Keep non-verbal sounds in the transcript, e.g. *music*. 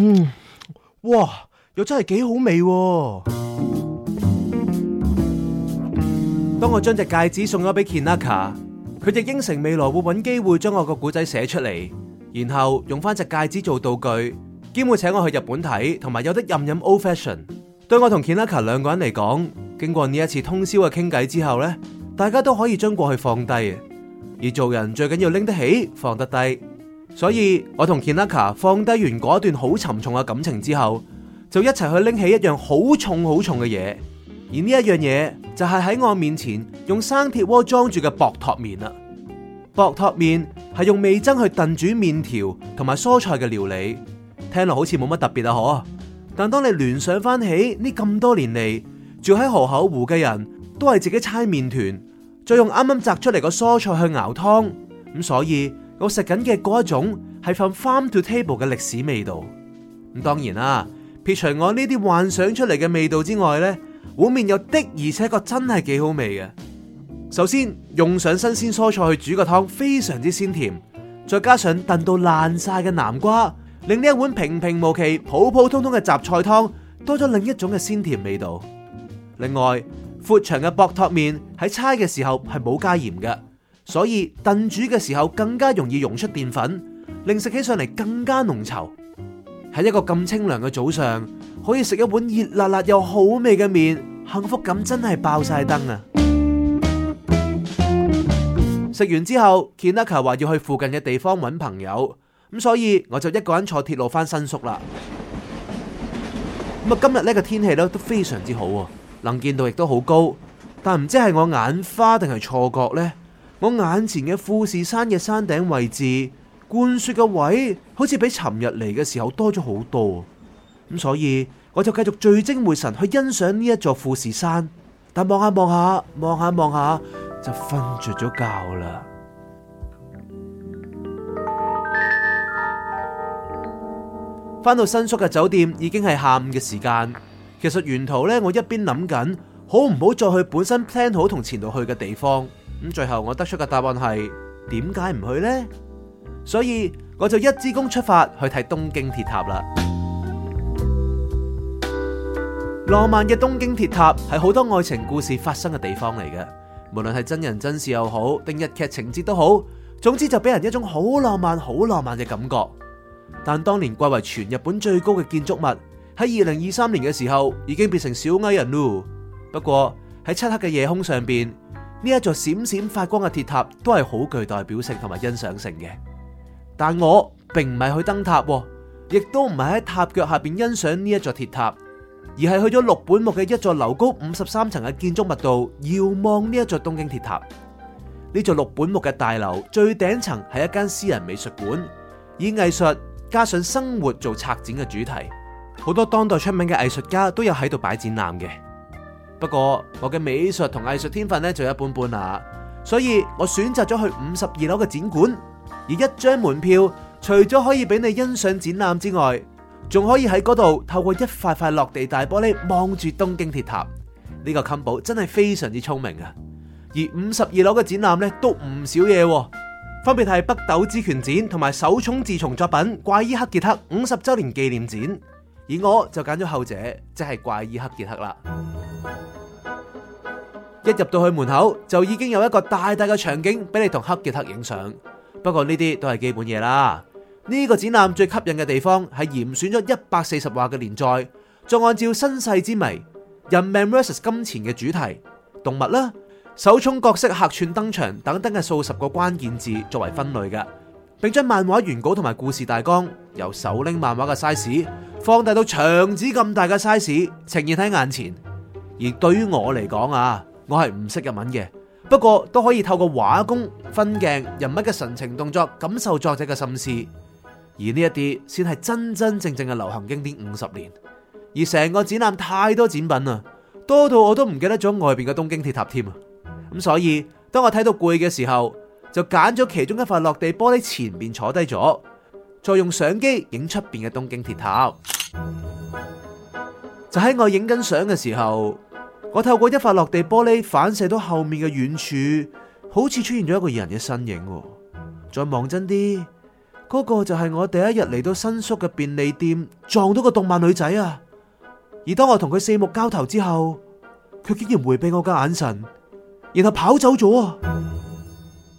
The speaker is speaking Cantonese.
嗯，哇，又真係幾好味喎。當我將隻戒指送咗俾 Kinaka，佢亦應承未來會揾機會將我個故仔寫出嚟，然後用返隻戒指做道具，兼會請我去日本睇，同埋有得任飲 old fashion。對我同 Kinaka 兩個人嚟講，經過呢一次通宵嘅傾偈之後呢，大家都可以將過去放低，而做人最緊要拎得起，放得低。所以，我同 Kinaka 放低完嗰段好沉重嘅感情之後，就一齊去拎起一樣好重好重嘅嘢，而呢一樣嘢就係喺我面前用生鐵鍋裝住嘅餺飥麵啦。餺飥麵係用味噌去燉煮麵條同埋蔬菜嘅料理，聽落好似冇乜特別啊，嗬。但當你聯想翻起呢咁多年嚟住喺河口湖嘅人，都係自己搓麵團，再用啱啱摘出嚟個蔬菜去熬湯，咁所以。我食緊嘅嗰一種係 from farm to table 嘅歷史味道，咁當然啦，撇除我呢啲幻想出嚟嘅味道之外呢，碗麵又的而且確真係幾好味嘅。首先用上新鮮蔬菜去煮個湯，非常之鮮甜，再加上燉到爛晒嘅南瓜，令呢一碗平平無奇、普普通通嘅雜菜湯多咗另一種嘅鮮甜味道。另外，闊長嘅餺飥麵喺搓嘅時候係冇加鹽嘅。所以燉煮嘅時候更加容易溶出澱粉，令食起上嚟更加濃稠。喺一個咁清涼嘅早上，可以食一碗熱辣辣又好味嘅麵，幸福感真係爆晒燈啊！食 *music* 完之後，Kinaka 話要去附近嘅地方揾朋友，咁所以我就一個人坐鐵路翻新宿啦。咁啊，今日呢個天氣都都非常之好，能見度亦都好高，但唔知係我眼花定係錯覺呢？我眼前嘅富士山嘅山頂位置，冠雪嘅位好似比尋日嚟嘅時候多咗好多，咁所以我就繼續聚精會神去欣賞呢一座富士山。但望下望下望下望下，就瞓着咗覺啦。返到新宿嘅酒店已經係下午嘅時間。其實沿途呢，我一邊諗緊，好唔好再去本身 plan 好同前度去嘅地方？咁最後我得出嘅答案係，點解唔去呢？所以我就一支公出發去睇東京鐵塔啦。浪漫嘅東京鐵塔係好多愛情故事發生嘅地方嚟嘅，無論係真人真事又好，定日劇情節都好，總之就俾人一種好浪漫、好浪漫嘅感覺。但當年貴為全日本最高嘅建築物，喺二零二三年嘅時候已經變成小矮人咯。不過喺漆黑嘅夜空上邊。呢一座閃閃發光嘅鐵塔都係好具代表性同埋欣賞性嘅，但我並唔係去登塔，亦都唔係喺塔腳下面欣賞呢一座鐵塔，而係去咗六本木嘅一座樓高五十三層嘅建築物度遙望呢一座東京鐵塔。呢座六本木嘅大樓最頂層係一間私人美術館，以藝術加上生活做策展嘅主題，好多當代出名嘅藝術家都有喺度擺展覽嘅。不過我嘅美術同藝術天分咧就一般般啦，所以我選擇咗去五十二樓嘅展館，而一張門票除咗可以俾你欣賞展覽之外，仲可以喺嗰度透過一塊塊落地大玻璃望住東京鐵塔。呢個 combo 真係非常之聰明啊！而五十二樓嘅展覽咧都唔少嘢，分別係北斗之拳展同埋手塚治虫作品怪醫黑傑克五十周年紀念展。而我就揀咗後者，即係怪醫黑傑克啦。一入到去門口，就已經有一個大大嘅場景俾你同黑傑克影相。不過呢啲都係基本嘢啦。呢、這個展覽最吸引嘅地方係嚴選咗一百四十話嘅連載，再按照身世之謎、人命 versus 金錢嘅主題、動物啦、手塚角色客串登場等等嘅數十個關鍵字作為分類嘅。並將漫畫原稿同埋故事大綱，由手拎漫畫嘅 size 放大到牆紙咁大嘅 size 呈現喺眼前。而對於我嚟講啊，我係唔識日文嘅，不過都可以透過畫功、分鏡、人物嘅神情動作感受作者嘅心思。而呢一啲先係真真正正嘅流行經典五十年。而成個展覽太多展品啊，多到我都唔記得咗外面嘅東京鐵塔添啊。咁所以當我睇到攰嘅時候，就揀咗其中一塊落地玻璃前面坐低咗，再用相機影出面嘅東京鐵塔。就喺我影緊相嘅時候，我透過一塊落地玻璃反射到後面嘅遠處，好似出現咗一個人嘅身影。再望真啲，嗰個就係我第一日嚟到新宿嘅便利店撞到個動漫女仔啊！而當我同佢四目交投之後，佢竟然迴避我嘅眼神，然後跑走咗啊！